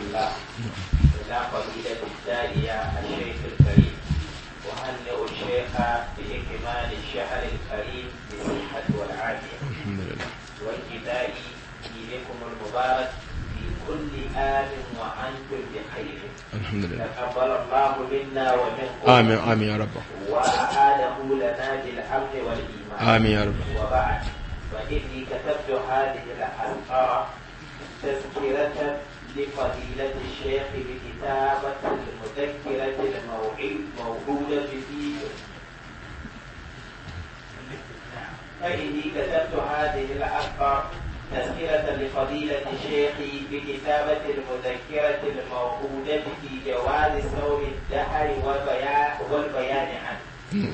الله لا قبيلة الثانية الشيخ الكريم وهنئوا الشيخ بإكمال الشهر الكريم بالصحة والعافية الحمد لله والجزاء إليكم المبارك في كل آن وأنتم بخير الحمد لله تقبل الله منا ومنكم آمين آمين يا رب وأعاده لنا بالأمن والإيمان آمين يا رب وبعد فإني كتبت هذه الحلقة تذكرة لفضيلة الشيخ بكتابة المذكرة الموعد موجودة فيه فإني كتبت هذه الأخبار تذكرة لفضيلة الشيخ بكتابة المذكرة الموجودة في جواز صوم الدهر والبيان عنه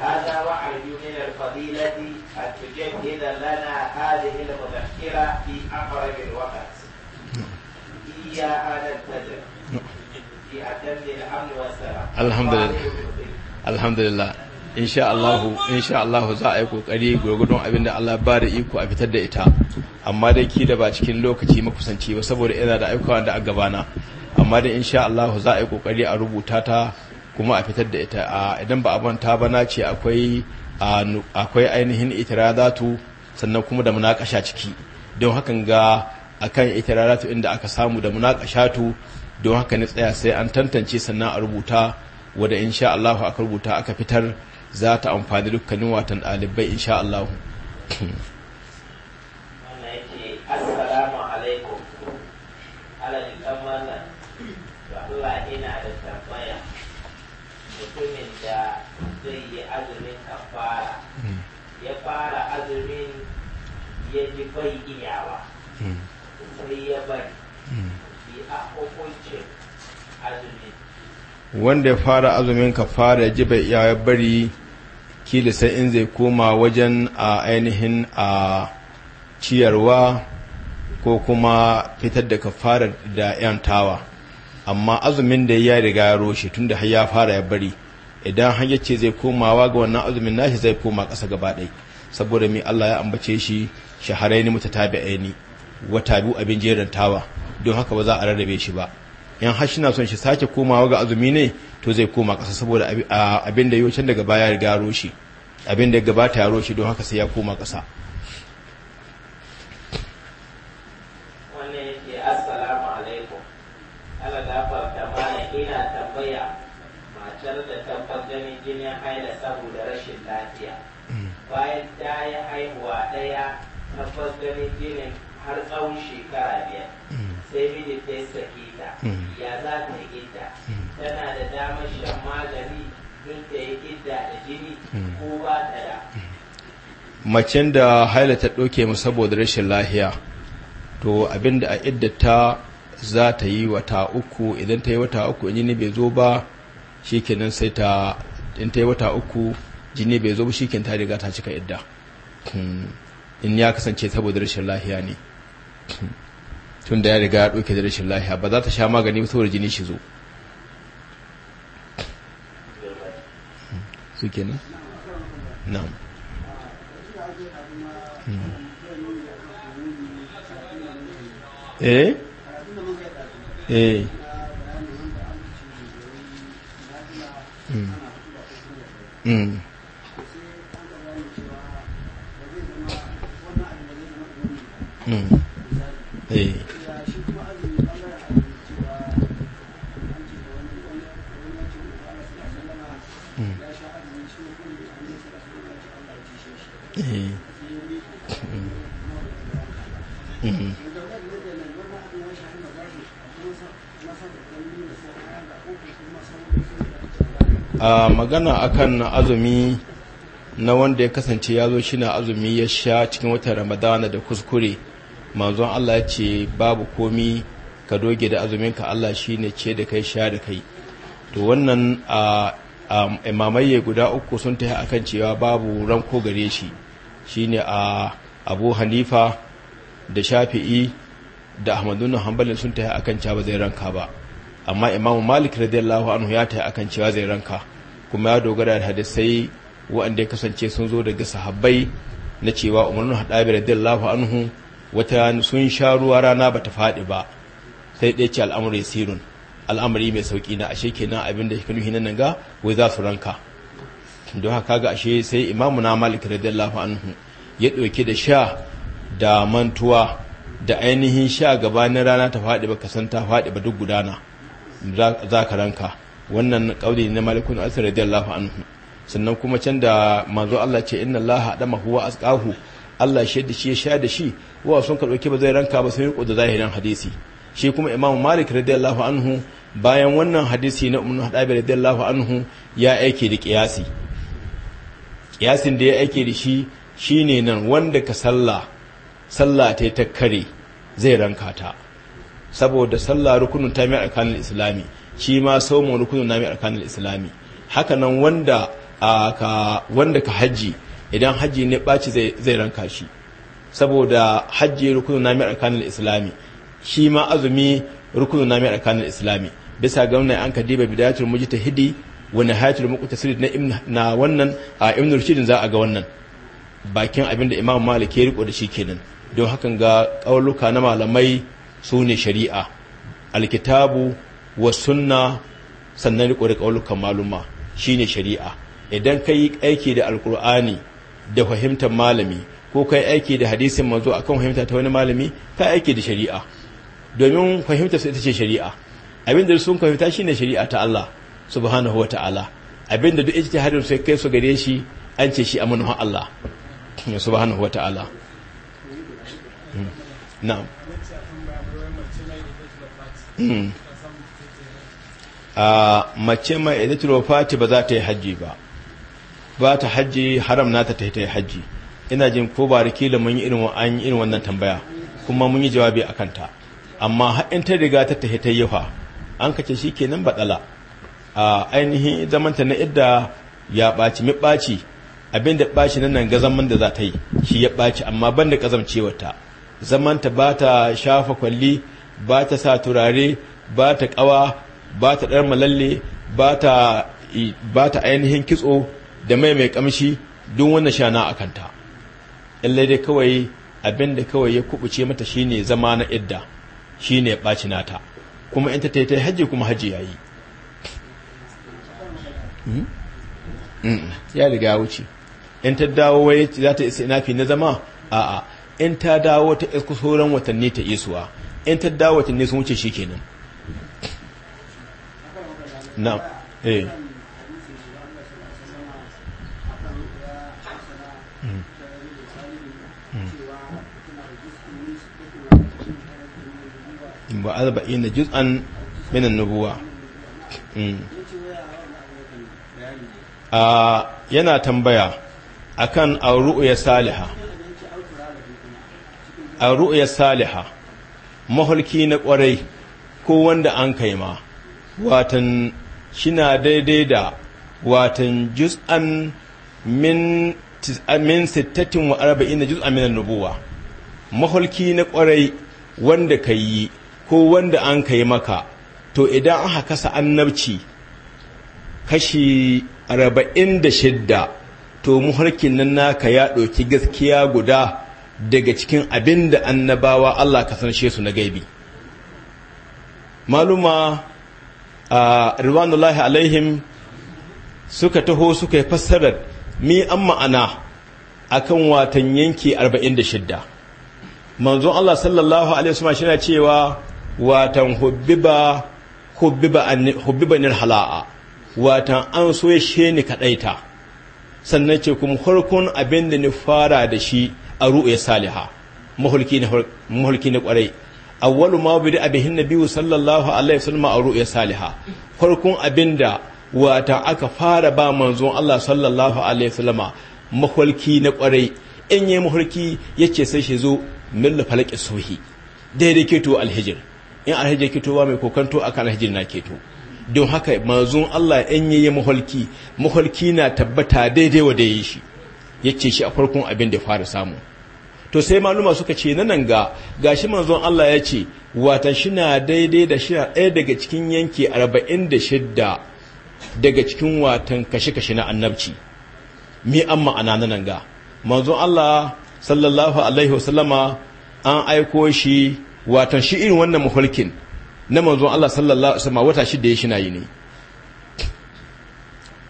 هذا وعد من الفضيلة أن تجهد لنا هذه المذكرة في أقرب الوقت Alhamdulillah. آل Allahu za a yi kokari gurgudun abin da Allah ba da iko a fitar da ita amma dai ki da ba cikin lokaci makusanci ba saboda ina da aikawa da a gabana amma dai insha Allahu za a yi kokari a rubuta ta kuma a fitar da ita idan ba a manta ba na ce akwai akwai ainihin itirazatu sannan kuma da munakasha ciki don hakan ga akan ikiraratu inda aka samu da munakashatu don haka ni tsaya sai an tantance sannan a rubuta wadda insha Allah aka rubuta aka fitar za ta amfani dukkanin watan ɗalibai insha Allah. Assalamu alaikum, alalikan wannan, Allah ina da tambaya mutumin da zai yi azumin kafara, hmm. ya fara azumin ya ji bai iyawa. Hmm. Hmm. wanda ya fara azumin ka fara ya ji bai iya bari kila sai in zai koma wajen a ainihin a ciyarwa ko kuma fitar da kafarar da yantawa amma azumin da ya riga ya roshe tun da ya fara ya bari idan hanyar ce zai komawa ga wannan azumin nashi zai koma ƙasa gaba ɗai saboda mai Allah ya ambace shi shaharaini aini. wata biyu abin jerin tawa don haka ba za a rarrabe shi ba yan hashi na son shi sake komawa ga azumi ne to zai koma ƙasa saboda abin da yocin daga baya ya garo shi abin da gabata ya roshi don haka sai ya koma ƙasa bayan ta yi haihuwa ɗaya na fasganin jinin har tsawon shekara biyar mm. sai miji ta sake ta mm. ya za ta yi gidda mm. tana da damar shan magani duk da ya gidda da jini ko ba ta da macen da haila ta ɗauke mu saboda rashin lahiya to abinda a iddata za ta yi wata uku idan ta yi wata uku jini bai zo ba shikenan sai ta in ta yi wata uku jini bai zo ba shikenan ta riga ta cika idda hmm. in ya kasance saboda rashin lahiya ne tun da ya riga ya ɗauke da rashin lafiya ba za ta sha magani ba saboda jini shi zo mm. hmm, hmm. hmm. a eh. eh. eh. magana akan azumi na wanda ya kasance ya zo shi na azumi ya sha cikin watan ramadana da kuskure manzon Allah ce babu komi ka doge da azumin ka Allah shi ne ce da kai sha da kai to wannan a guda uku sun tafi akan cewa babu ranko gare shi shine a abu hanifa da shafi'i da ahmadun hanbali sun tafi akan cewa zai ranka ba amma imamu malik radiyallahu anhu ya tafi akan cewa zai ranka kuma ya dogara da hadisai waɗanda ya kasance sun zo daga sahabbai na cewa umarnu haɗabi radiyallahu anhu wata sun sha ruwa rana bata faɗi ba sai ɗaya ce al'amuri sirun al'amari mai sauƙi na ashe kenan abin da kanu hinan ga wai za su ranka don haka ga ashe sai imamu na malik radiyallahu anhu ya ɗauke da sha da mantuwa da ainihin sha gabanin rana ta faɗi ba kasanta ta faɗi ba duk gudana za ka ranka wannan ƙauli na malikun asir radiyallahu anhu sannan kuma can da manzo Allah ce inna Allah adama huwa asqahu Allah shi da shi ya sha da shi wa sun ka ba zai ranka ba sai da zahirin hadisi shi kuma Imam Malik radiyallahu anhu bayan wannan hadisi na Ummu Hadabi radiyallahu anhu ya aike da qiyasi. qiyasin da ya aike da shi shine nan wanda ka salla salla ta ta kare zai ranka ta saboda salla rukunin ta mai arkanul islami shi ma saumu rukunin na mai arkanul islami haka nan wanda ka wanda ka haji idan hajji ne ɓaci zai ranka shi saboda hajji rukunin na mai arkanin islami shi ma azumi rukunin na mai arkanin islami bisa gauna an an diba bidayatul hidi wa nihayatul muqtasid na ibn na wannan a ibn rushidin za a ga wannan bakin abin da imam malik ya riko da shi kenan don hakan ga kauluka na malamai su ne shari'a alkitabu wa sunna sannan riko da kaulukan maluma shine shari'a idan kai aiki da alkur'ani da fahimtar malami ko kai aiki da hadisin manzo akan fahimta ta wani malami ka aiki da shari'a domin fahimtar su ita ce shari'a abinda sun fahimta shine shari'a ta Allah subhanahu wata'ala ta'ala abinda duk hadin su kai su gare shi an ce shi amanu Allah subhanahu wata'ala hmm. na'am hmm. a ah, mace mai idatul wafati ba za ta yi hajji ba ba ta hajji haram nata ta ta hajji ina jin ko ba rikila mun yi irin wannan tambaya kuma mun yi jawabi a kanta amma haɗin ta riga ta ta ta yafa an kace shi kenan batsala a ainihin zamanta na idda ya ɓaci mi ɓaci abin da ɓaci nan nan ga zaman da za ta yi shi ya ɓaci amma ban da ta zamanta ba ta shafa kwalli ba ta sa turare ba ta ƙawa ba ta ɗar malalle ba ta ainihin kitso da mai mai kamshi duk wannan shana a kanta illai dai kawai abin da kawai ya kubuce mata shine zama na idda shine baci nata kuma in ta ta yi hajji kuma hajji ya yi hmm? ya riga ya wuce in ta dawo wai za ta isa inafi na zama a'a in ta dawo ta isa sauran watanni ta isuwa in ta dawo watanni sun wuce shi kenan na eh wa arba'ina an-nubuwa hmm. a yana tambaya akan ar-ru'ya salihah ar-ru'ya mahulki na kwarai ko wanda an kaima watan shina daidai da watan juz'an min min sittatin wa da an-nubuwa mahulki na kwarai wanda ka ko wanda an kai maka to idan aka kasa annabci kashi arba'in da shidda to muharkin nan naka ya ɗauki gaskiya guda daga cikin abin da annabawa Allah ka san su na gaibi maluma a riwanullahi alaihim suka taho suka yi fassarar mi an ma'ana a kan watan yanki shidda. manzon Allah sallallahu alaihi wasu mashina cewa watan hubbiba hubbiba hubbibanil hala'a watan an so ya she ni kadaita sannan ce kuma hulkun abin da ni fara da shi a ru'ya saliha mahulki ne mahulki ne kwarai awwalu ma bi abihin nabi sallallahu alaihi wasallam a ya saliha hulkun abin da wata aka fara ba manzon Allah sallallahu alaihi wasallam mahulki na kwarai in yi mahulki yace sai shi zo min falaki suhi daidai to alhijr in alhaji ke towa mai kokanto a kan alhaji na ke to don haka manzon Allah in yi muhalki muhalki na tabbata daidai wa da yi shi ce shi a farkon abin da fara samu to sai maluma suka ce na nan ga gashi manzon Allah ya ce wata shi na daidai da na ɗaya daga cikin yanki 46 daga cikin watan kashe-kashe na annabci mi an ma'ana na nan ga manzon Allah sallallahu alaihi wasallama an aiko shi wato shi irin wannan mafarkin na manzon Allah sallallahu alaihi wasallam wata shidda ya shina yi ne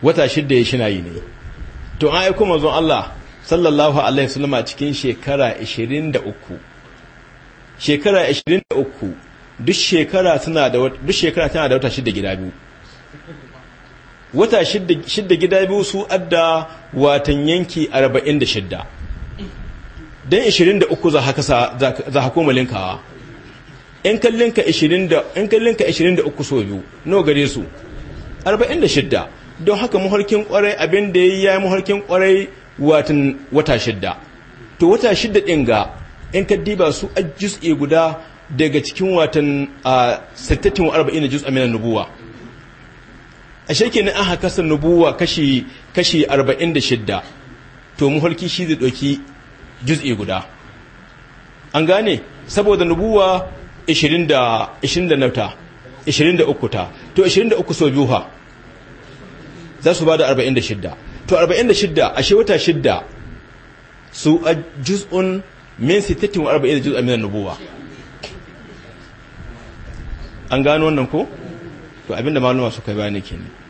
wata shidda ya shina yi ne to an kuma manzon Allah sallallahu alaihi wasallam cikin shekara 23 shekara 23 duk shekara tana da duk shekara tana da wata shidda gida biyu wata shidda gida biyu su adda watan yanki 46 dan 23 za haka za hako malinkawa in kallin ka 20 in kallinka 23 so biyu nawa gare su 46 don haka muhalkin kwarai abin da yayi ya muhalkin kwarai watan wata shidda to wata shidda din ga in ka diba su a juz'i guda daga cikin watan 46 juz'a min nubuwa ashe na aka kasa nubuwa kashi kashi 46 to muhalki shi zai doki juz'i guda an gane saboda nubuwa 20 da 29 ta 23 ta to 23 so biyu za su bada 46 to 46 ashe wata shidda su a juz'un min 60 wa juz'un min nubuwa an gano wannan ko to abinda su suka bayani kenan